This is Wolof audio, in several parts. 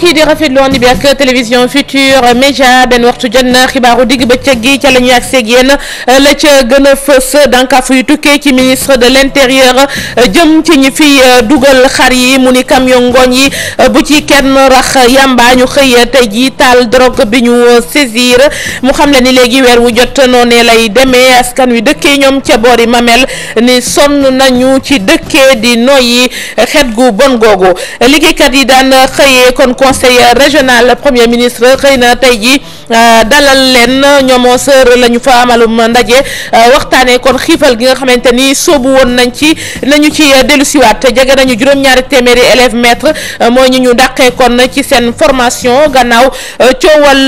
mbokk yi di rafetlu woon bi ak télévision Futurs Médias benn waxtu jot na xibaaru digg bëccëg gi la ñuy àggsee ak yéen la ca gën a fës ci ministre de l' intérieur jëm ci ñi fi euh, dugal xar yi mu ni camion ngooñ yi euh, bu ci kenn rax yàmbaa ñu xëyee tey jii taal drogue bi ñu euh, saisir mu xam le ni léegi weer wu jot noonee lay demee askan wi dëkkee ñoom ca boori Mamel ni sonn nañu ci dëkkee di noyyi xet gu bon googu liggéeykat yi daan xëyee kon ko conseil régional premier ministre xëy na tey ji euh, dalal leen ñoomoo sër la ñu fa amalum ndaje euh, waxtaanee kon xiifal gi nga xamante ni soobu woon nañ ci nañu ci euh, dellu te jege nañu juróom-ñaari téeméeri élèves maîtres mooy ñu ñu dàqee kon ci seen formation gannaaw coowal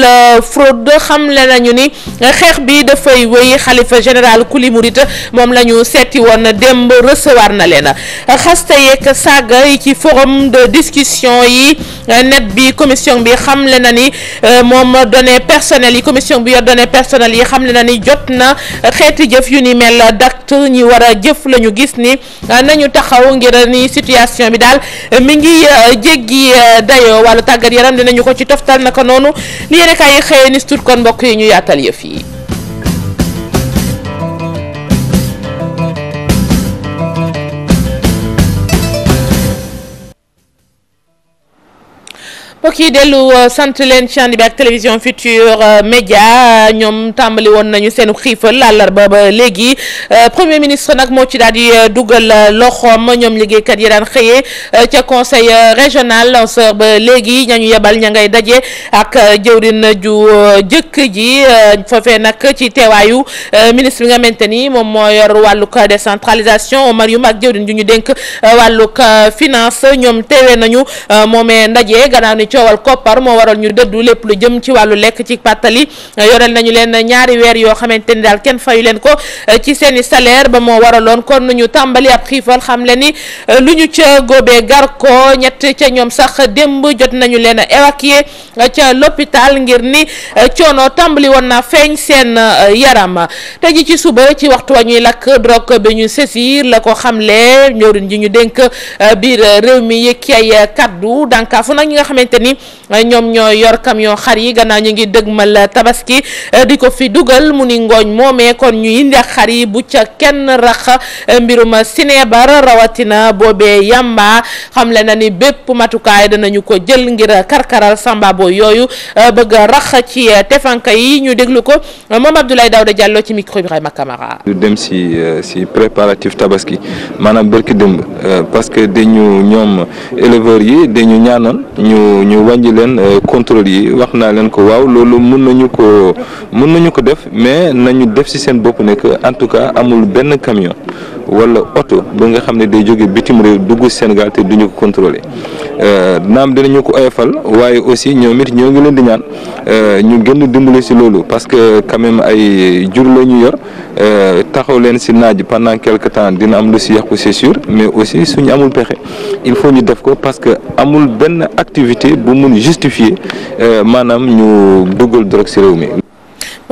fraude xamle nañu ni xeex bi dafay wéy xalifa général kuli murit moom la ñu seeti woon démb recevoir na leen xaste yeeg saaga yi ci forum de discussion yi net bi commission bi xamle na ni euh, moom données personnelles yi commission bi yor données personnelles yi xamle na ni jot na xeeti jëf yu ni mel dakt ñi war a jëf la ñu gis ni euh, nañu taxaw ngir ni situation bi daal euh, mi ngi jéggi dayoo wàllu tàggat yaram dinañu ko ci toftal naka noonu li yéen a kaay xëyee ni kon mbokk yi ñu yaatal yëf yi. mbokk yi dellu euh, sant leen ci ànd bi ak télévision Futur euh, Média ñoom tàmbali woon nañu seenu xiifal àllarba ba léegi euh, premier ministre nag moo ci daal di dugal loxoom ñoom liggéeykat yi daan xëyee ca conseil régional lanceur ba léegi ñañu yebal ña ngay daje ak jëwrin ju jëkk ji foofee nag ci teewaayu ministre bi nga xamante ni moom moo yor wàllug décentralisation Oumar Youm ak jëwrin ju ñu dénk wàllug finance ñoom teewee nañu moomee ndaje gannaaw ni coowal koppar moo waral ñu dëddu lépp lu jëm ci wàllu lekk ci pàttali yoreel nañu leen ñaari weer yoo xamante ni daal kenn fayu leen ko eh, ci seeni salaire ba moo waraloon kon ñu tàmbali ab xiifal xam le ni eh, lu ñu ca góobee gar ko ñett ca ñoom sax démb jot nañu leen a évacuer eh, ca l'hôpital ngir ni coono tàmbali woon na feeñ seen yaram te ji ci suba ci waxtu wa ñuy lakk drogue bi ñu saisir la ko xamle njëriñ ji ñu dénk biir réew mi yëkki ay kaddu dànkaafu ni eh, ñoom ñoo yor camion xar yi gannaaw ñu ngi dëgmal eh, tabaski eh, di ko fi dugal mu ni ngooñ moomee kon ñu indi ak xar yi bu ca kenn rax mbirum sineebar rawatina boobee yamba xamle na ni bépp matukaay danañu ko jël ngir karkaral sambabo yooyu bëgg rax ci tefanka yi ñu déglu ko moom Abdoulaye Daouda Diallo ci micro bi Ibrahima Camara ñu dem si si préparatif tabaski ñu wàññi leen euh, contrôle yi wax naa leen ko waaw loolu mun nañu ko mun nañu ko def mais nañu def ci seen bopp ne en tout cas amul benn camion wala oto ba nga xam ne day jóge bitim réew dugg Sénégal te duñu ko contrôler euh, naam dinañu ko oyofal waaye aussi ñoom it ñoo ngi leen di ñaan euh, ñu gën dimbali si loolu parce que quand même ay jur la ñu yor euh, taxaw leen si naaj pendant quelque temps dina am lu si yàqu c'est sûr mais aussi suñu amul pexe il faut ñu def ko parce que amul benn activité bu mun justifier maanaam ñu duggal drogue si réew mi.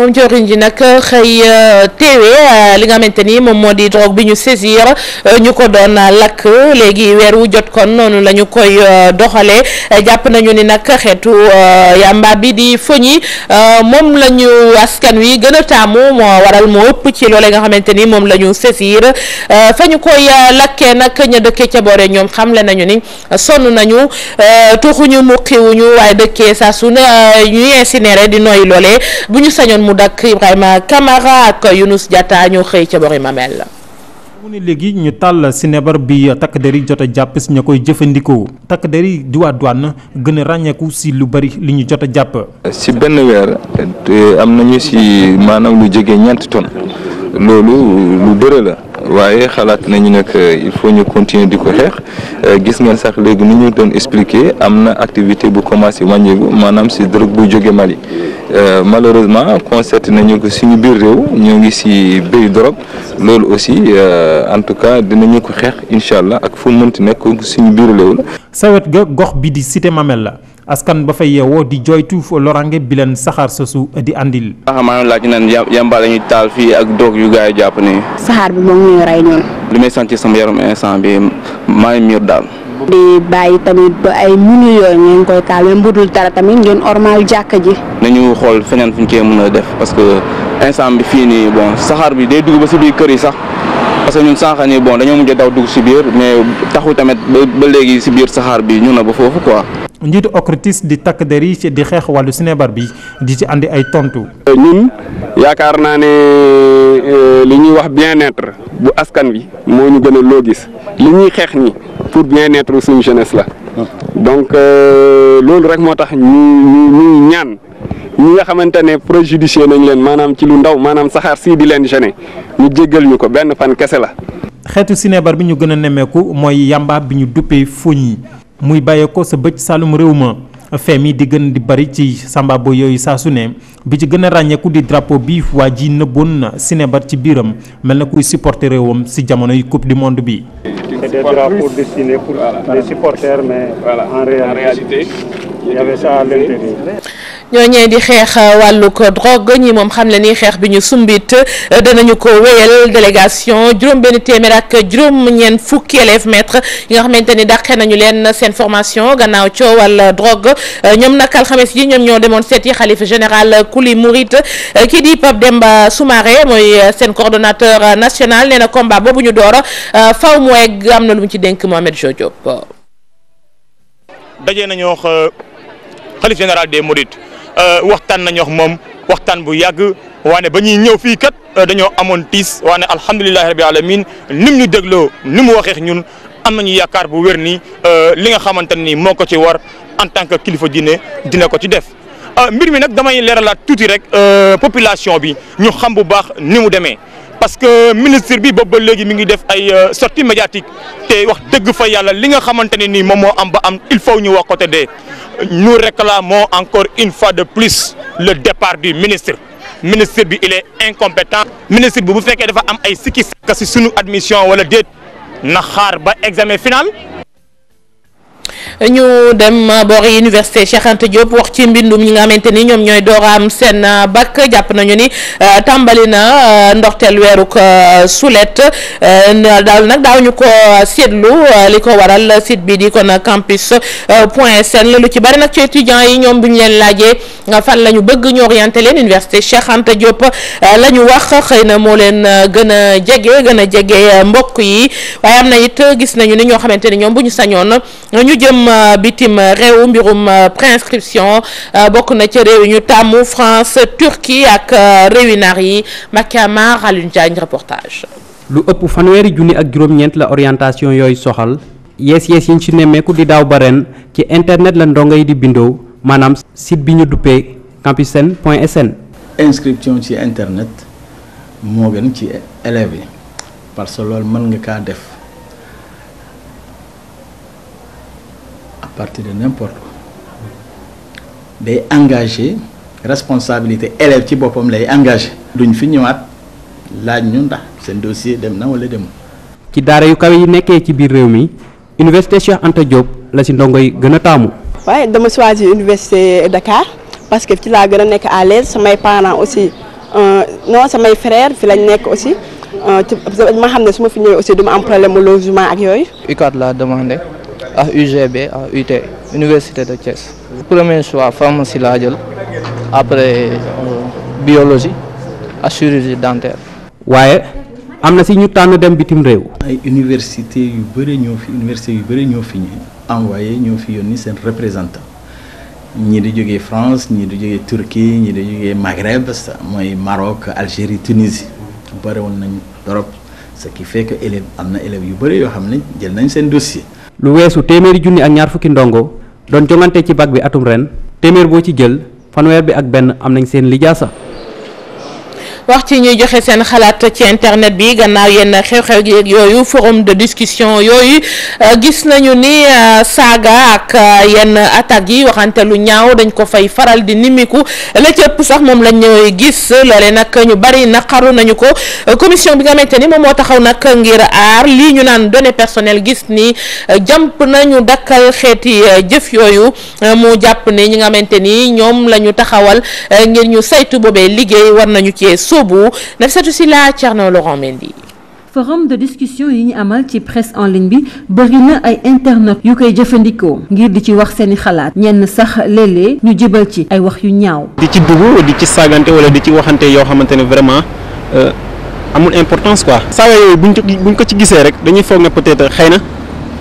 moom joriñ ji nag xëy euh, teewe euh, li nga xamante ni moom moo di drogue bi ñu saisir euh, ñu ko doon lakk léegi weer wu jot kon noonu la ñu koy doxalee jàpp nañu ni nag xeetu yamba bi di foñi moom la askan wi gën a taamu moo waral moo ëpp ci loolee nga xamante ni moom la ñu saisir fa ñu koy lakkee nag ña dëkkee ca boore ñoom xamle nañu ni sonn nañu tuxuñu muqiwuñu waaye dëkkee saa su ne ñuy di nooy loolee bu ñu sañoon mu dakk Ibrahima Camara ak Younous Diatta ñoo xëy ca bori Mamel. mu ne léegi ñu tàll si nebar bi takk der yi jot a jàpp si ña koy jëfandikoo takk der yi di waa douane gën a ràññeeku si lu bari li ñu jot a jàpp. si benn weer am nañu si maanaam lu jege ñeenti ton loolu lu bëre la. waaye xalaat nañu nag il faut ñu continuer di ko xeex euh, gis ngeen sax léegi ni ñu doon expliquer am na activité bu commencé màññeeku maanaam si drogue bu jógee Mali euh, malheureusement constaté nañu ko suñu biir réew ñoo ngi si béy drogue loolu aussi euh, en tout cas dina dinañu ko xeex incha allah ak fu mënti nekk suñu biir réew la. sa wet ga gox bi di cité Mamel la. askan ba fa yeewoo di joytu lorange bi leen saxaar su di andil. waaw maa ngi laaj naan yamba la ñuy taal fii ak doog yu gars yi jàpp nii. saxaar bi moom ñu rey ñun. li may sentir sama yaram instant bi maa ngi miir daal. di tamit ba ay munu yooyu ngeen koy taal même budul dara tamit ngeen ormal jàkk ji. ñu xool feneen fu ñu cee mën a def parce que instant bi fii nii bon saxaar bi day dugg ba si biir kër yi sax parce que ñun sànq nii bon dañoo mujj a daw dugg si biir mais taxu tamit ba léegi si biir saxaar bi ñu na ba foofu quoi. njiitu OCRTIS di takk der ci di xeex wàllu sinébar bi di ci andi ay tontu. Euh, ñun yaakaar naa ne euh, li ñuy wax bien-être bu askan wi moo ñu gën loo gis li ñuy xeex ni pour bien-être suñu jeunesse la donc euh, loolu rek moo tax ñu ñaan. ñi nga xamante ne préjudicié nañ leen maanaam ci lu ndaw maanaam saxaar sii di leen gêné ñu jéggal ñu ko benn fan kese la. xeetu sinébar bi ñu gën a nemmeeku mooy yamba bi ñu duppee fuñ yi muy bàyyee ko sa bëj saalum réew ma feem yi di gën di bari ci sambabo yooyu saa su ne bi ci gën a ràññeeku di drapeau bii waa ji nëbboon sinebar ci biiram mel na kuy supporter réewam si jamonoy coupe du monde bi. C'est en Il y avait di xeex euh, wàllug drogue ñi moom xam le ni xeex bi ñu sumbit euh, danañu ko wéyal délégation juróom-benn téeméer ak juróom-ñeent fukki metre yi nga xamante ni dàqe nañu leen seen formation gannaaw coowal drogue euh, ñoom nag alxames yi ñoom ñoo demoon seeti xalifa général kuli Mouride kii di Pape Demba Soumaré mooy seen coordonnateur national nee na combat boobu ñu door faw mu egg am na lu mu ci dénk Mohamed Jo Diop. daje xalif général des Mourides euh, waxtaan nañu wax moom waxtaan bu yàgg waane ba ñuy ñëw fii kat euh, dañoo amoon tiis waane alhamdulilahi rabi alamin nim ñu dégloo ni mu waxee ñun am nañu yaakaar bu wér ni euh, li nga xamante ni moo ko ci war en tant que kilifa diine dina ko ci def mbir mi nag damay leeralaat tuuti rek population bi ñu xam bu baax ni mu demee parce que ministre bi boobu ba léegi mi ngi def ay euh, sortie médiatique te wax dëgg fa yàlla li nga xamante ne nii moom moo am ba am il faut ñu wax ko te de nous réclamons encore une fois de plus le départ du ministre ministre bi il est incompétent ministre bi bu fekkee dafa am ay sikki sàkk si sunu admission wala déet na xaar ba examen final ñu dem boori université Cheikh Anta wax ci mbindum ñi nga xamante ni ñoom ñooy door am seen uh, bac jàpp nañu ni uh, tàmbali na uh, ndorteel weeruk sulet daal nag daaw ñu ko seetlu li ko waral site bi di kon campus point sn lu ci bari nag ci étudiants yi ñoom bu ñu leen laajee fan la ñu bëgg ñu orienté leen université Cheikh Anta Diop la ñu wax xëy na moo leen gën a jege gën a jege mbokk yi waaye am na it gis nañu ni ñoo xamante ni ñoom bu ñu sañoon ñu jëm euh, bitim réew mbirum euh, préinscription euh, bokk na ci réew yi ñu tàmmu France Turquie ak réewi naar yi Macky Amar Alioune Diagne lu ëpp fanweeri junni ak juróom-ñeent la orientation yooyu soxal yees yees yiñ ci nemmeeku di daaw ba ci internet la ndongo yi di bindoo maanaam site bi ñu duppee campusen point sn. inscription ci internet moo gën ci élèves yi parce que loolu mën nga kaa def. partir de n'importe quoi day engagé responsabilité élève ci boppam lay engagé duñ fi ñëwaat laaj ñu ndax seen dossier dem na wala demul ci daara yu kawe yi nekkee ci biir réew mi université Cheikh Anta Diop la si ndongo yi gën a taamu waaye dama choisir université Dakar parce que ci laa gën a nekk à l'aise samay parent aussi euh, non samay frères fi lañ nekk aussi euh, ma xam ne su ma fi ñëwee aussi du ma am problème mu ak yooyu UCAD laa demandé ak UGB ak UT Université de Thiès. premier choix pharmacie laa jël après euh, biologie ak chirurgie waaye am na si ñu tànn dem bitim réew. ay université yu bëri ñoo fi université yu bëri ñoo fi ñu envoyé ñoo fi ni seen représentant ñii di jógee France ñi di jógee Turquie ñii di jógee Maghreb mooy Maroc Algérie Tunisie bëri woon nañ trop ce qui fait que am na élèves yu bëri yoo xam ne jël nañ seen dossier. lu weesu téeméeri junni ak ñaar fukki ndongo doon jongante ci bac bi atum ren téeméer boo ci jël fanweer bi ak benn am nañ seen lijaasa wax ci ñuy joxe seen xalaat ci internet bi gannaaw yenn xew-xew yooyu forum de discussion yooyu euh, gis nañu ni euh, saaga ak euh, yenn attaques yi waxante lu ñaaw dañ ko fay faral di nimiku la ci ëpp sax moom lañ gis loole nag ñu bari naqaru nañu ko commission bi nga xamante ni moom moo taxaw nag ngir aar lii ñu naan données personnelles gis ni jàmp nañu dakkal xeeti jëf yooyu mu jàpp ne ñi nga xamante ni ñoom lañu taxawal ngir ñu saytu boobee liggéey sóobu Nafissatou Sylla Thierno Laurent Mendy forum de discussion yi ñu amal ci presse en ligne bi bëri na ay internautes yu koy jëfandikoo ngir di ci wax seeni xalaat ñenn sax léeg-léeg ñu jëbal ci ay wax yu ñaaw. di ci dugg di ci sagante wala di ci waxante yoo xamante ne vraiment euh, amul importance quoi. saaga yooyu buñ ko buñ ko ci gisee rek dañuy foog na peut-être xëy na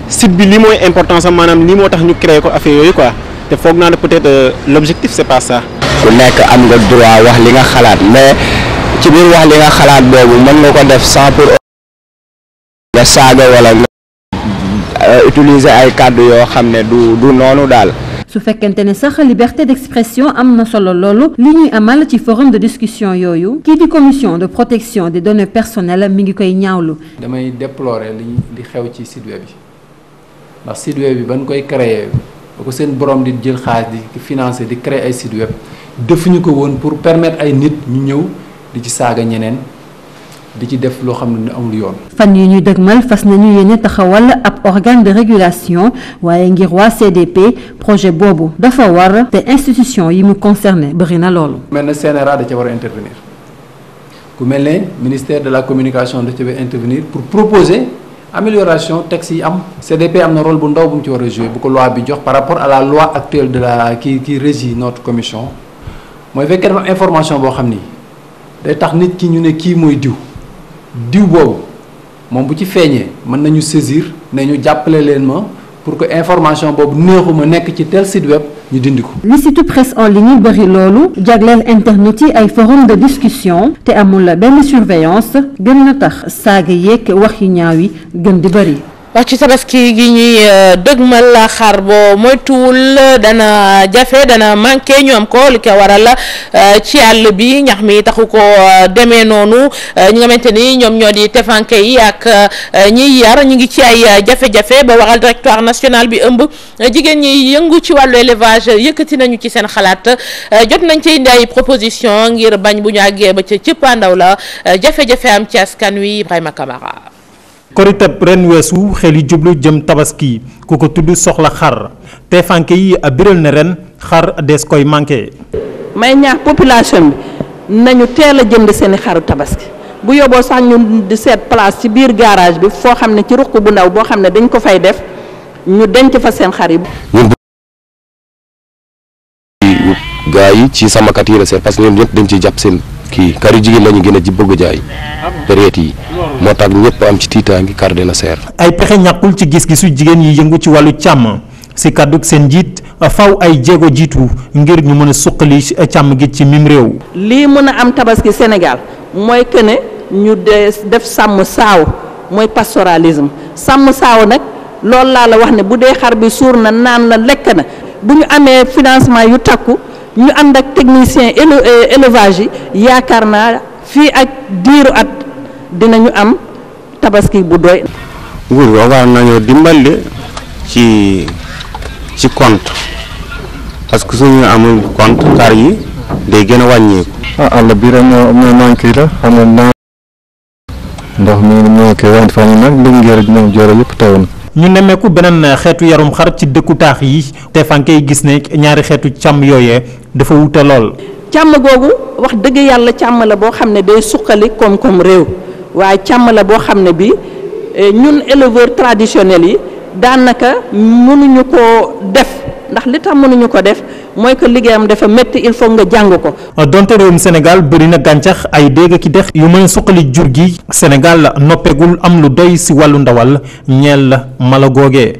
site bi lii mooy importance am maanaam lii moo tax ñu créé ko affaire yooyu quoi te foog naa ne peut-être euh, l'objectif c'est pas ça. ku nekk am nga ci biir wax li nga xalaat boobu mën na ko def sans pour euh, ay kàddu yoo xam ne du du noonu daal su fekkente ne sax liberté d'expression am na solo loolu li ñuy amal ci forum de discussion yooyu kii di commission de protection des données personnelles mi ngi koy ñaawlu. damay déplorer li ñu di xew ci site web bi ndax site web bi ban koy créer ba ko seen borom di jël xaalis di financé di créer ay site web defuñu ko woon pour permettre ay nit ñu ñëw. di ci saaga ñeneen di ci def loo xam ne amul yoon. fan yi ñu dëgmal fas nañu yéene taxawal ab organe de régulation waaye ngir waa CDP projet boobu dafa war te institution yi mu concerné bëri na loolu. mel na CNRA da ca war a intervenir ku mel ne ministère de la communication da ca war a intervenir pour proposer amélioration texte yi am. CDP am na role bu ndaw bu mu ci war a jouer ko loi bi jox par rapport à la loi actuelle de la ki qui régit notre commission mooy fekkee dafa information boo xam ni. day tax nit ki ñu ne kii mooy diw diw boobu moom bu ci feeñee mën nañu saisir ne ñu jàppale leen ma pour que information boobu neexuma nekk ci tel site web ñu dindi ko. li site presse en ligne bëri loolu jagleel internet yi ay forum de discussion te amul la benn surveillance gën na tax saaga yeeg wax yu ñaaw yi gën di bari wax ci tabaski gi ñuy euh, dëgmal xar boo moytuwul dana jafe dana manqué ñu am ko li ko waral euh, ci àll bi ñax mi taxu ko euh, demee noonu ñu nga xamante ni ñoom ñoo di tefanke yi ak ñiy yar ñu ngi ci ay jafe-jafe ba waral directoire national bi ëmb jigéen ñi yëngu ci wàllu élevage yëkkati nañu ci seen xalaat jot nañ ci indi ay proposition ngir bañ bu ñu àggee ba ca cëppaandaw la jafe-jafe am ci askan wi Ibrahima Camara koritab ren weesu xel yi jublu jëm tabaski ku ko tudd soxla xar te fanke yi a biral ne ren xar des koy manqué. may ñaax population bi nañu teel a jënd seen i xaru tabaski bu yóbboo sax ñu di seet place ci biir garage bi foo xam ne ci ruq bu ndaw boo xam ne dañ ko fay def ñu denc fa seen xar yi. gars yi ci samakat yi la seet parce que ñoom ñëpp dañ ciy jàpp seen kii kar yu jigéen la gën a ji bëgg jaay période yi moo tax ñëpp am ci tiitaangi kar dina seer ay pexe ñàkkul ci gis-gisu jigéen yi yëngu ci wàllu càmm si kàddug seen njiit faw ay jéego jiitu ngir ñu mën a suqali càmm gi ci mim réew lii mën a am tabaski Sénégal mooy que ne ñu def sàmm saaw mooy pastoralisme sàmm saaw nag loolu laa la wax ne bu dee xar bi suur na naan la lekk na bu ñu amee ñu ànd ak technicien euh, élevage yi yaakaar naa fii ak diiru at dinañu am tabaski bu doy. nguur gi war nañoo dimbali ci ci compte parce que suñu amul compte xar yi day gën a wàññeeku. ah àll bi rek moo moo manqué la xam nga naa ndox mi moo koy wàññi fan yi nag li ngeen ñoom joore yëpp taw na. ñu nemmeeku beneen xeetu yarum xar ci dëkku taax yi te fan kay gis ne ñaari xeetu càmm yooyee dafa wute lool. càmm googu wax dëgg yàlla càmm la boo xam ne day suqali koom-koom réew waaye càmm la boo xam ne bi eh, ñun éleveurs traditionnels yi daanaka mënuñu ko def ndax li tax mënuñu ko def mooy que liggéeyam dafa métti il faut nga jàng ko. Euh, donte réewum Sénégal bëri na gàncax ay dégg ki dex yu mën a suqali jur gi Sénégal noppeegul am lu doy si wàllu ndawal ñeel la mala googee.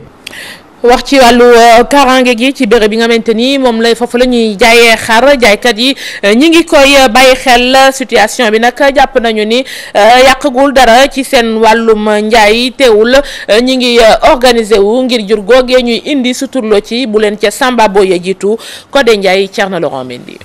wax ci wàllu euh, karange gi ci béréb yi nga xamante ni moom la foofu la ñuy jaayee xar jaaykat yi euh, ñi ngi koy euh, bàyyi xel situation bi nag jàpp nañu ni yàqagul dara ci seen wàllum njaay teewul ñi ngi organiser wu ngir jur googee ñuy indi suturloo ci bu leen ca Samba Boye jiitu Codé Ndiaye Thierno Laurent Mendy.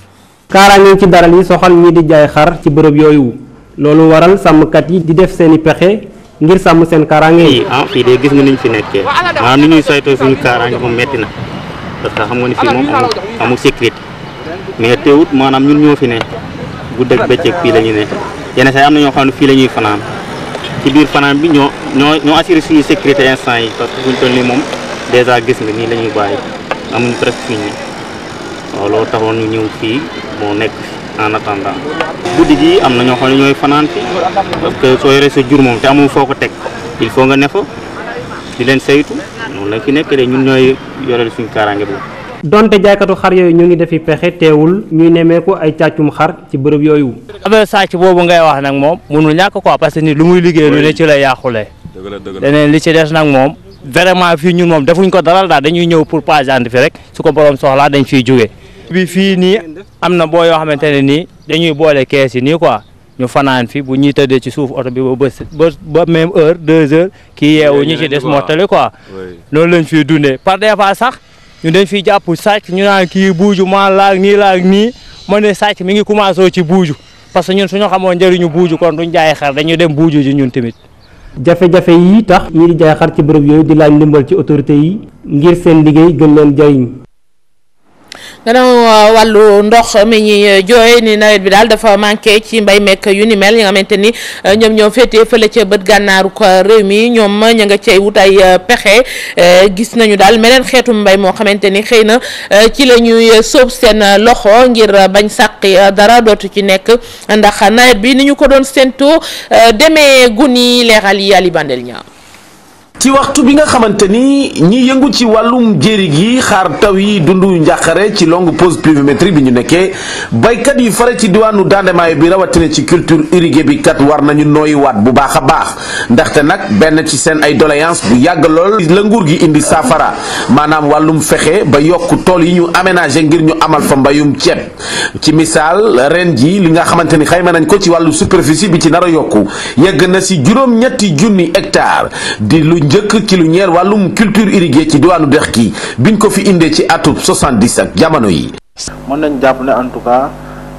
kaaraange ci daral yi soxal ñi di jaay xar ci bërëb yooyu loolu waral sàmmkat yi di def seeni pexe. ngir sàmm seen kaaraange yi. ah fii de gis nga niñ fi nekkee maanaam ni ñuy saytoo suñu kaaraange moom metti na parce xam nga ni fii moom amul amul sécurité mais teewut maanaam ñun ñoo fi ne guddeeg bëccëg fii la ñu ne yenn saa yi am na ñoo xam ne fii lañuy fanaan ci biir fanaan bi ñoo ñoo ñoo assuré suñu sécurité instant yi parce que toll nii moom dèjà gis nga nii la ñuy bàyyi amuñ presque fii nii waaw loolu taxoon ñu ñëw fii moo nekk fi. en attendant guddi gi am na ñoo xam ne ñooy fanaan fi parce soo yoree sa jur moom te amul foo ko teg il faut nga ne fa di leen saytu noonu la ki nekk de ñun ñooy yoreel suñu kaaraange boobu. donte jaaykatu xar yooyu ñu ngi defi pexe teewul ñuy nemmeeku ay càccum xar ci bërëb yooyu. affaire sàcc boobu ngay wax nag moom mënul ñàkk quoi parce que ni lu muy liggéey lu ne ci la yàqule. leneen li ci des nag moom vraiment fii ñun moom defuñ ko dalal daal dañuy ñëw pour pas fi rek su ko borom soxlaa dañ fiy jógee. bi fii nii am na boo yoo xamante ne nii dañuy boole kees yi nii quoi ñu fanaan fi bu ñuy tëddee ci suuf oto bi ba bës ba ba même heure deux heures kii yeewu ñu ci des mottali quoi loolu lañ fiy dundee par des fois sax ñu dañ fii jàpp sàcc ñu naan kii buuju maa laag nii laag nii ma ne sàcc mi ngi commencé ci buuju parce que ñun suñu xamoon njëriñu buuju kon duñ jaay xar dañuy dem buuju ji ñun tamit jafe-jafe yi tax ñi di jaay xar ci bërëb yooyu di laaj ci autorité yi ngir seen liggéey gën leen gannaaw euh, wàllu ndox mi ñuy euh, jooy ni nawet bi daal dafa manqué ci mbay mekk yu ni mel ñi xamante ni euh, ñoom ñoo féetee fële ca bët gànnaaru ko réew mi ñoom ña nga cay wut ay pexe gis nañu daal meneen xeetu mbay moo xamante ni xëy na ci la ñuy sóob seen loxo ngir bañ sàqi dara dootu ci nekk ndax nawet bi ni ñu ko doon séentoo demee guni leeral yi Aliou Bandel ñaa ci waxtu bi nga xamante ni ñi yëngu ci wàllum jéeri gi xaar taw yi dundu njàqare ci longue pause pluviométrique bi ñu nekkee baykat yi fare ci diwaanu dandemaayo bi rawatina ci culture irriguée bi kat war nañu nooyu waat bu baax a baax ndaxte nag benn ci seen ay doléance bu yàgg lool la nguur gi indi saafara maanaam wàllum fexe ba yokk tool yi ñu aménagé ngir ñu amal fa mbayum ceeb ci misaal ren ji li nga xamante ni xayma nañ ko ci wàllu superficie bi ci nar a yokku yegg na si juróom-ñetti junni hectare njëkk ci lu ñeel wàllum culture irriguée ci diwaanu dex gi biñ ko fi indee ci atub 70 ak jamono yi. mën nañ jàpp ne en tout cas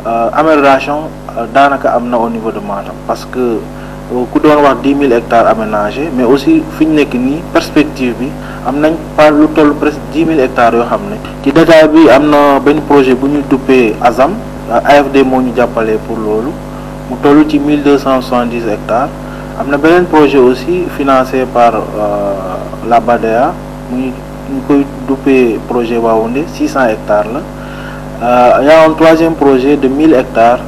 euh, amélioration euh, daanaka am na au niveau de Matam parce que euh, ku doon wax 10 000 hectares aménagés mais aussi fi ñu nekk nii perspective bi am nañ par lu toll presque 10 000 hectares yoo xam ne. ci détail bi am na bañ projet bu ñu duppee Azam AFD moo ñu jàppale pour loolu mu toll ci 1270 hectares. am na beneen projet aussi financé par euh, la BADEA muy ñu koy duppee projet Waoundé 600 hectares la euh, y a un troisième projet de 1000 hectares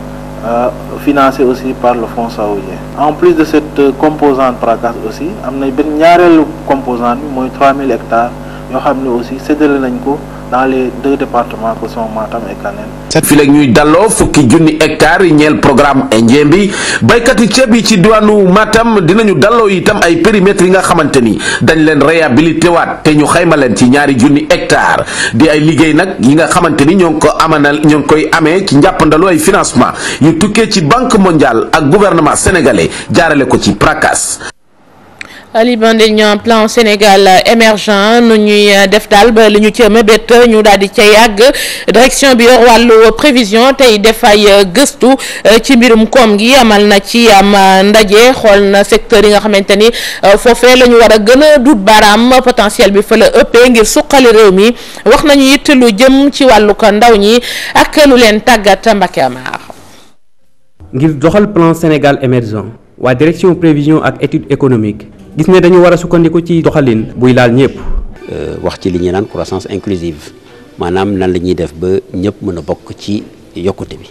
euh, financé aussi par le fonds saoudien en plus de cette composante PRACAS aussi am na benn ñaareelu composante bi mooy 3000 hectares yoo xam ne aussi séddale nañ ko dans les deux départements que sont Matam ñuy dalloo fukki junni hectares yi ñeel programme indien bi béykat yi ceeb yi ci diwaanu Matam dinañu dalloo itam ay périmètres yi nga xamante ni dañ leen réhabilité waat te ñu xayma leen ci ñaari junni hectares di ay liggéey nag yi nga xamante ni ñoo ngi ko amanal ñoo ngi koy amee ci njàppandalu ay financement yu tukkee ci banque mondiale ak gouvernement sénégalais jaarale ko ci PRACAS. Ali Bandé ñoom plan Sénégal émergent nu ñuy euh, def daal ba li ñu ci mébét ñu daal di ca yàgg direction bi yor wàllu prévision tey def ay euh, gëstu euh, ci mbirum koom gi amal na ci am ndaje xool na secteur yi nga xamante ni foofee la ñu war a gën a dut baaraam potentiel bi fa la ëppee ngir suqali réew mi wax nañu it lu jëm ci wàllu ko ndaw ñi ak lu leen tàggat Mbacké Amar. ngir doxal plan Sénégal émergent waa direction prévision ak étude économique. gis ne dañu war a sukkandiku ci doxalin buy laal ñëpp. Euh, wax ci li ñuy naan croissance inclusive maanaam nan la ñuy def ba ñëpp mën a bokk ci yokkute bi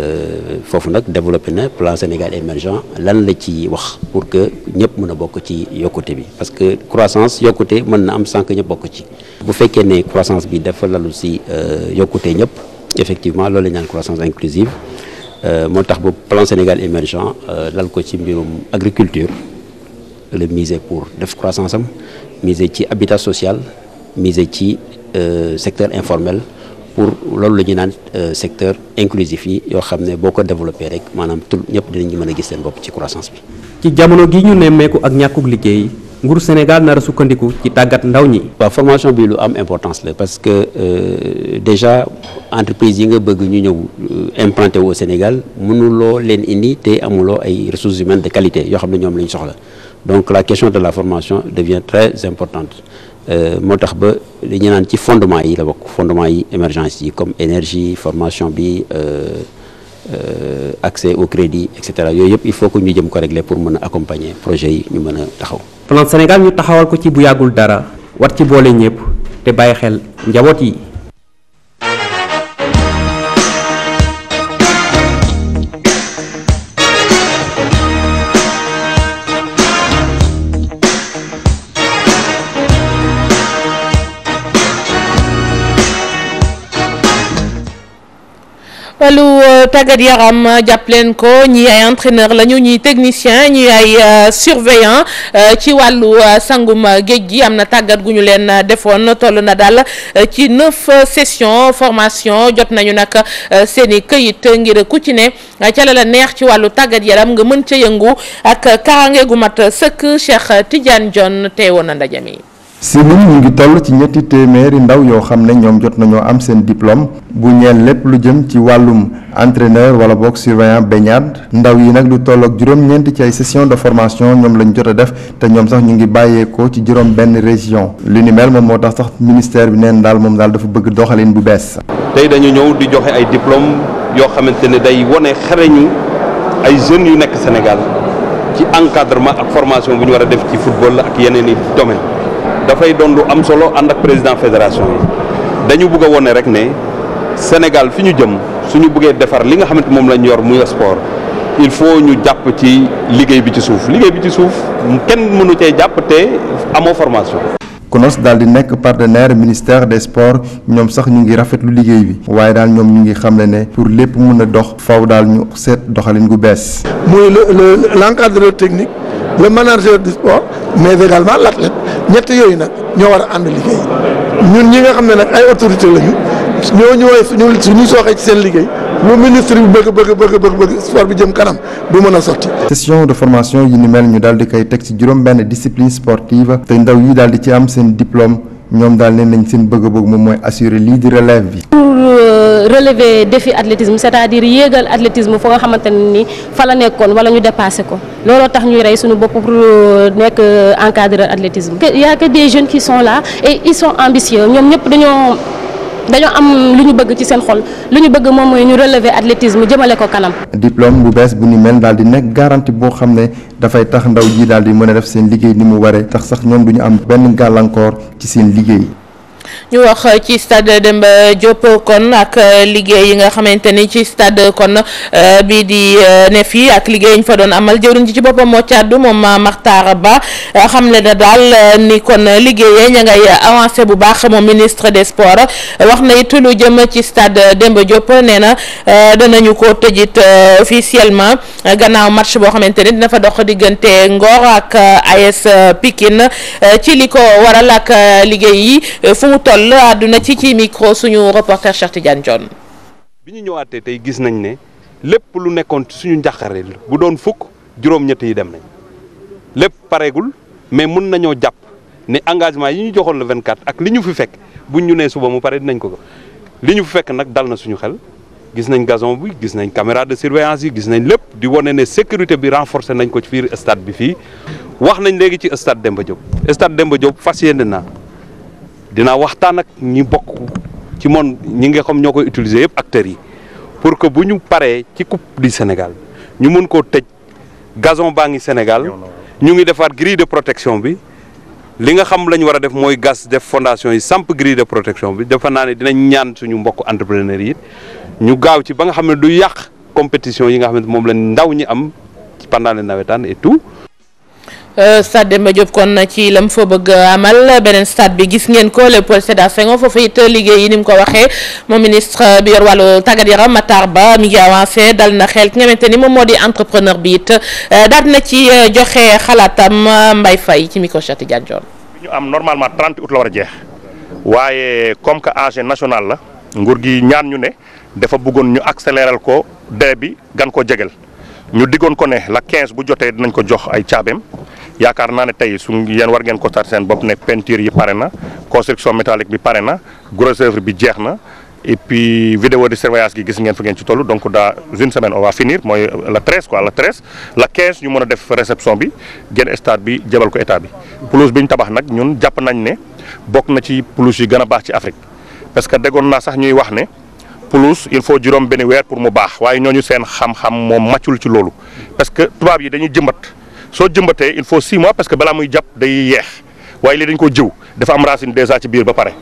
euh, foofu nag développé na plan Sénégal émergent lan la ci wax pour que ñëpp mën a bokk ci yokkute bi parce que croissance yokkute mën na am sans que ñëpp bokk ci. bu fekkee ne croissance bi dafa lalu si euh, yokkute ñëpp effectivement loolu la ñu naan croissance inclusive moo tax bu plan Sénégal émergent lal ko ci mbirum agriculture. la miser pour def croissance am miser ci habitat social miser ci euh, secteur informel pour loolu la ñuy naan euh, secteur inclusif yi yoo xam ne boo ko développé rek maanaam tout ñëpp dinañu mën a gis seen bopp ci croissance bi. ci jamono gi ñu nemmeeku ak ñàkkug liggéey nguur Sénégal nar a sukkandiku ci tàggat ndaw ñi. waaw formation bi lu am importance la parce que euh, déjà entreprise yi nga bëgg ñu ñëw euh, implanté wu au Sénégal mënuloo leen indi te amuloo ay ressources humaines de qualité yoo xam ne ñoom la ñu soxla. donc la question de la formation devient très importante euh, moo tax ba li ñu naan ci fondement yi la bokk fondement yi émergence yi comme énergie formation bi euh, euh, accès au crédit et cetera yooyu yëpp il faut que ñu jëm ko régler pour mën a accompagner projet yi ñu mën a taxaw. plan Sénégal ñu taxawal ko ci bu yàggul dara war ci boole ñëpp te bàyyi xel njaboot yi. tàggat yaram jàpp leen ko ñi ay entraîneur lañu ñuy technicien ñi ay euh, surveillant euh, ci wàllu euh, sanguma géej gi am na tàggat gu ñu leen defoon toll na dal ci neuf session formation jot nañu nag seeni kayit këyit ngir ku ci ne ca la la neex ci wàllu tàggat yaram nga mën ca yëngu ak karange gu mat sëkk Cheikh Tidiane John teewoon na ndaje mi si mi ñu ngi toll ci ñetti téeméeri ndaw yoo xam ne ñoom jot nañoo am seen diplôme bu ñeen lépp lu jëm ci wàllum entraîneur wala boog surveillant baignade ndaw yi nag lu toll ak juróom-ñeent ci ay session de formation ñoom lañ jot a def te ñoom sax ñu ngi bàyyeekoo ci juróom benn région li ni mel moom moo tax sax ministère bi neen daal moom daal dafa bëgg doxalin bu bees. tey dañu ñëw di joxe ay diplôme yoo te ne day wane xereñu ay jeunes yu nekk Sénégal ci encadrement ak formation bu war a def ci football ak i domaine dafay doon lu am solo ànd ak président fédération yi dañu bëgg a wone rek ne Sénégal fi ñu jëm suñu buggee defar li nga xamante moom lañ yor muy sport il faut ñu jàpp ci liggéey bi ci suuf liggéey bi ci suuf kenn mënu cee jàpp te amoo formation CONOS daal di nekk partenaire ministère des sports ñoom sax ñu ngi rafetlu liggéey bi waaye daal ñoom ñu ngi xam ne ne pour lépp mun a dox faw daal ñu seet doxalin gu bees. muy le l'encadreur technique le manager du sport mais également l'athlète ñett yooyu nag ñoo war a ànd liggéey ñun ñi nga xam ne nag ay autorités lañu ñoo ñooy suñu suñu sooxee ci seen liggéey. lu ministre bi bëgg bëgg bëgg bëgg bëgg sport bi jëm kanam du mën a sotti. session de formation yi ni mel ñu daal di koy teg ci juróom benn discipline sportive te ndaw yi daal di ci am seen diplôme ñoom daal ne nañ seen bëgg-bëgg moom mooy assurer lii di relève bi. Euh, relever défi athlétisme c'est-à-dire yéegal athlétisme foo nga xamante ni fa la nekkoon wala ñu dépassé ko looloo tax ñuy rey suñu bopp euh, nekk euh, encadreur athlétisme. y a que des jeunes qui sont là et dañoo am lu ñu bëgg ci seen xol lu ñu bëgg moom mooy ñu relever athlétisme jëmale ko kanam. diplôme bu bees bu ni mel daal di nekk garantie boo xam ne dafay tax ndaw ji daal di mën a def seen liggéey ni mu waree tax sax ñoom duñu am benn gàllankoor ci seen liggéey. ñu wax euh, ci stade Demba Diop kon ak euh, liggéey yi nga xamante ni ci stade kon euh, bii di ne fii ak liggéey yi ñu fa doon amal jëwriñ ji ci boppam moo càddu moom Makhtar Ba xam le na daal ni kon liggéeyee ña ngay avancé bu baax moom ministre des sports wax na it lu jëm ci stade Demba Diop nee na danañu ko tëjit officiellement gannaaw match boo xamante ni dina fa dox diggante Ngor ak AS Pikine ci li ko waral ak liggéey yi fu toll àdduna ci ci micro suñu reporter Cheikh Tidiane John. bi ñu ñëwaatee tey gis nañ ne lépp lu nekkoon ci suñu njàqare bu doon fukk juróom-ñett yi dem nañ lépp pareegul mais mun nañoo jàpp ne engagement yi ñu joxoon le 24 ak li ñu fi fekk buñ ñu nee suba mu pare dinañ ko li ñu fi fekk nag dal na suñu xel. gis nañ gazon bi gis nañ caméra de surveillance yi gis nañ lépp di wone ne sécurité bi renforcé nañ ko ci biir stade bi fii wax nañ léegi ci stade Demba Diop stade Demba Diop fas yéene naa dinaa waxtaan ak ñi bokk ci moom ñi nga xam ñoo koy utiliser yëpp acteurs yi pour que bu ñu paree ci coupe du Sénégal ñu mun koo tëj gazon baa ngi Sénégal ñu ngi defaat grille de protection bi li nga xam la ñu war a def mooy gas def fondation yi samp grille de protection bi defe naa ne dinañ ñaan suñu mbokk entrepreneurs yi ñu gaaw ci ba nga xam ne du yàq compétition yi nga xam ne moom lañu ndaw ñi am pendant les nawetaan et tout Euh, stade ma Diop kon ci lam foo bëgg amal beneen stade bi gis ngeen ko Léopold Sédar Senghor foofu it liggéey yi ni mu ko waxee moom ministre bi yor wàllu tàggat yaram Matar Ba mi ngi avancé dal na xel ki nga xamante ni moom moo di entrepreneur bi it euh, daal na ci euh, joxe xalaatam mbay fay ci micro Cheikh Tidiane Dione ñu am normalement 30 août la war a jeex waaye comme que AG national la nguur gi ñaan ñu ne dafa buggoon ñu accéléral ko délai bi gan ko jegel ñu diggoon ko ne la 15 bu jotee dinañ ko jox ay caabeem yaakaar naa ne tey su yéen war ngeen constater seen bopp ne peinture yi pare na construction métallique bi pare na grosse œuvre bi jeex na et puis vidéo de surveillance gi gis ngeen fa ngeen ci toll donc dans une semaine on va finir mooy la 13 quoi la 13 la 15 ñu mën a def réception bi génn stade bi jabal ko état bi pelouse bi ñu tabax nag ñun jàpp nañ ne bokk na ci pelouse yi gën a baax ci Afrique parce que déggoon naa sax ñuy wax ne pelouse il faut juróom benn weer pour mu baax waaye ñooñu seen xam-xam moom ci loolu parce que tubaab yi dañuy jëmbat soo jëmbatee il faut 6 mois parce que balaa muy jàpp day yeex waaye lii dañ ko jiw dafa am racine déjà ci biir ba pare.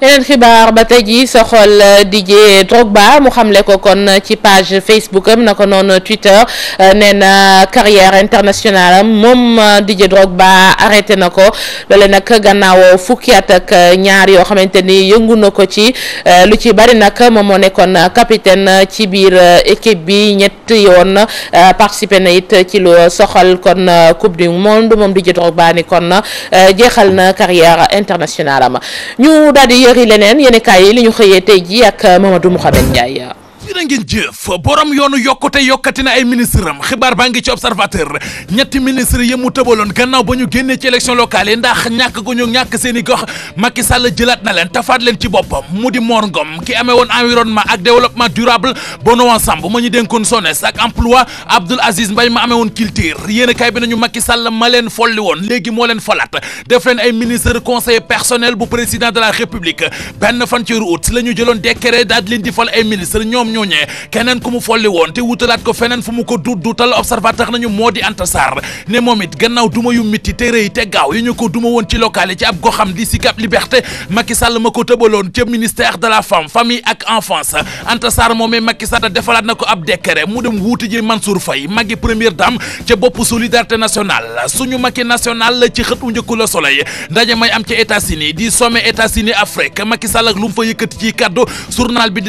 yeneen xibaar ba tey jii soxol euh, Didier Drogba mu xamle ko kon ci page Facebook am na ko noonu Twitter euh, nee na carrière internationale am moom euh, Didier Drogba arrêté na ko loole nag gannaaw fukki at ak ñaar yoo xamante ni yëngu na ko ci lu ci bari nag moom moo nekkoon capitaine ci biir équipe bi ñett yoon participer na it ci lu soxal kon coupe du monde moom Didier Drogba ni kon jeexal na carrière international am ñu daal di yëri leneen yéen kaay yi li ñu xëyee tey ji ak Mamadou Mouhamed Ndiaye jërë ngeen jëf borom yoonu yokkute yokkati na ay ministre am xibaar baa ngi ci observateur ñetti ministre yi mu tëbaloon gannaaw ba ñu génnee ci élection locale yi ndax ñàkk gu ñu ñàkk seen i gox Macky Sall jëlaat na leen tafaat leen ci boppam mu di Mor ki amee woon environnement ak développement durable Bonoan Samb ma ñu dénkoon SONES ak emploi Abdoul Aziz Mbaye ma amee culture yéen a kaay bi nañu Macky Sall ma leen folli woon léegi moo leen folaat def leen ay ministre conseiller personnel bu président de la ñoom ñooñee keneen ku mu folli woon te wutalaat ko feneen fu mu ko duut duutal observateur nañu moo di Anta Sarr ne moom it gannaaw duma yu mitti te rëy te gaaw yi ñu ko duma woon ci local yi ci ab goxam di Sicap Liberté Macky Sall ma ko tëbaloon ca ministère de la femme famille ak enfance Anta Sarr moomee Macky defalaat na ko ab décret mu dem wuuti ji Mansour Faye magi première dame ca bopp solidarité nationale suñu Macky national la ci xët u njëkku la soleil ndaje may am ca États-Unis di sommet États-Unis Afrique Macky ci kaddu journal bi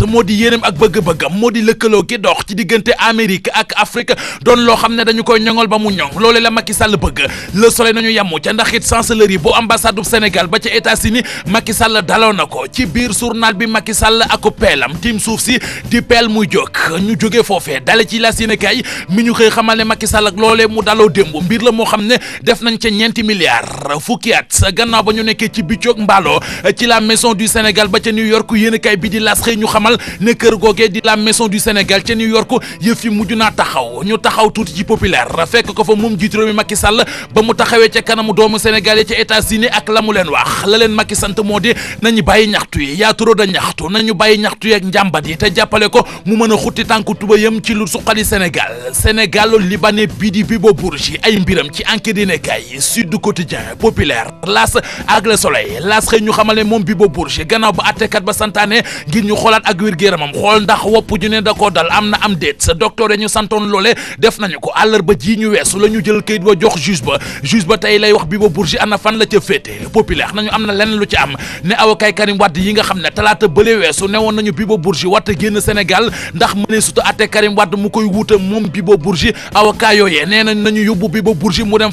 ñett moo di yéeneem ak bëgg-bëggam moo di lëkkaloo gi dox ci diggante Amérique ak Afrique doon loo xam ne dañu koy ñoŋol ba mu ñoŋ loole la Macky Sall bëgg Le Soleil nañu yamu ca ndax it chancellerie bu ambassade du Sénégal ba ca États-Unis Macky Sall daloo na ko ci biir journal bi Macky Sall ak peelam tiim suuf si di peel muy jóg ñu jógee foofe dale ci la Sénégal mi ñu xëy xamal ne Macky Sall ak loole mu daloo démb mbir la moo xam ne def nañ ca ñeenti milliards fukki at gannaaw ba ñu nekkee ci biccoog mbaaloo ci la maison du Sénégal ba ca New York yéen a bi di las ñu xamal xamal ne kër googee di la maison du Sénégal ca New York yëf yi taxaw ñu taxaw tuuti ci populaire fekk ko fa moom jiitu réew mi Macky Sall ba mu taxawee ca kanamu doomu Sénégal yi ca États-Unis ak la mu leen wax la leen Macky sant moo di nañu bàyyi ñaxtu yi yaa trop de ñaxtu nañu bàyyi ñaxtu yi ak njàmbat yi te jàppale ko mu mën a xutti tànku tubayam ci lu suqali Sénégal Sénégal libanais bii di Bibo Bourgi ay mbiram ci enquête yi nekkaay Sud Quotidien Populaire L'As ak Le Soleil L'As xëy ñu xamal ne moom Bibo Bourgi gannaaw ba àttekat ba santaane ngir ñu xoolaat ak ak wér-gu-yaramam xool ndax wopp ju ne da koo dal am na am déet sa docteur ya santoon loole def nañu ko àllarba ji ñu weesu la ñu kayit ba jox juge ba juge ba tey lay wax Bibo Bourgi ana fan la ca féete populaire nañu am na lenn lu ci am ne avocat Karim Wade yi nga xam ne talaata bële weesu newoon nañu Bibo Bourgi watta génn Sénégal ndax mënee suta Karim Wade mu koy wuuta moom Bibo Bourgi avocat yooyee nee nañu yóbbu Bibo Bourgi mu dem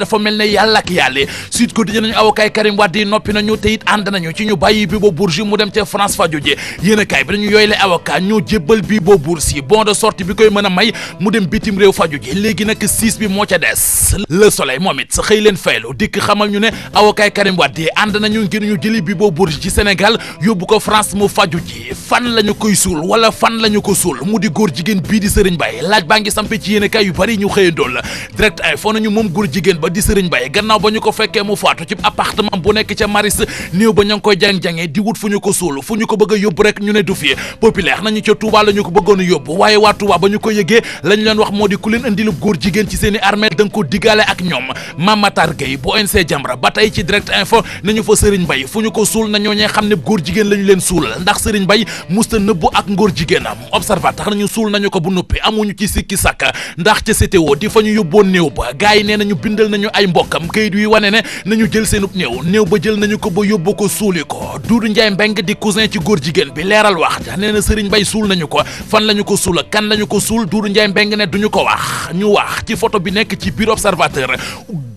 dafa mel ne yàlla ak yàlla Sud Quotidien nañu avocat yi Karim Wade yi noppi nañu te it ànd nañu ci ñu bàyyi Bibo Bourgi mu dem ca France fa jóge yéenekaay bi dañu yooyu la avocat ñoo jébbal Bibo Bourgi bon de sortie bi koy mën a may mu dem bitim réew fa jóge léegi nag siis bi moo ca des Le Soleil moom it sa xëy leen faylu dikk xamal ñu ne avocat yi Karim Wade yi ànd nañu ngir ñu jëli Bibo Bourgi ci Sénégal yóbbu ko France mu faju ji fan la ñu koy suul wala fan la ñu ko suul mu di góor jigéen bii di Serigne Baye laaj baa ngi sampe ci yéenekaay yu bari ñu xëyandool la direct ay foo nañu moom góor jigéen ba di sëriñ Baye gannaaw ba ñu ko fekkee mu faatu ci appartement bu nekk ca Maris néew ba ña ngi koy jàng-jàngee di wut fu ñu ko suul fu ñu ko bëgg a yóbbu rek ñu ne du fi populaire nañu ca Touba la ko bëggoon a yóbbu waaye waa Touba ba ñu ko yëgee lañ leen wax moo di ku leen indilub góor jigéen ci seen i armée da nga ko diggaale ak ñoom Mamatar Gueye bu ONG Jamra ba tey ci direct info nañu fa sëriñ Baye fu ñu ko suul na ñooñee xam ne góor jigéen lañu leen suulal ndax sëriñ Baye musta nëbbu ak ngóor jigéenam observateur tax nañu suul nañu ko bu noppi amuñu ci sikki sàkk ndax ca CTO di fa ñu yóbboon néew ba gaay nee nañu bindal nañu nañu ay mbokkam kayit wi wane ne nañu jël seenub néew néew ba jël nañu ko ba yóbbu ko suuli ko Duudu Njaay Mbeng di cousin ci góor jigéen bi leeral wax ja nee na Sëriñ Bay suul nañu ko fan la ñu ko suula kan la ñu ko suul Duudu Njaay Mbeng ne duñu ko wax ñu wax ci photo bi nekk ci biir observateur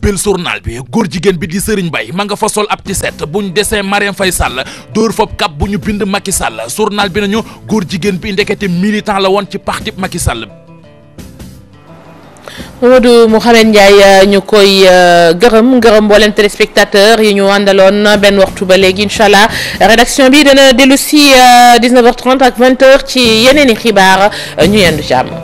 bël journal bi góor jigéen bi di Serigne Bay ma nga fa sol ab ci set bu ñu desee Mariam Faye Sall dóor foofu kap bu ñu bind Macky Sall journal bi nañu góor jigéen bi ndekete militant la woon ci parti Macky Sall Mamadou Mouhamed Ndiaye euh, ñu koy euh, gërëm gërëm mbooleem téléspectateur yi ñu àndaloon benn waxtu ba léegi incha allah rédaction bi dana dellu si 19h30 euh, ak 20 ci yeneen i xibaar ñu yendu jàmm.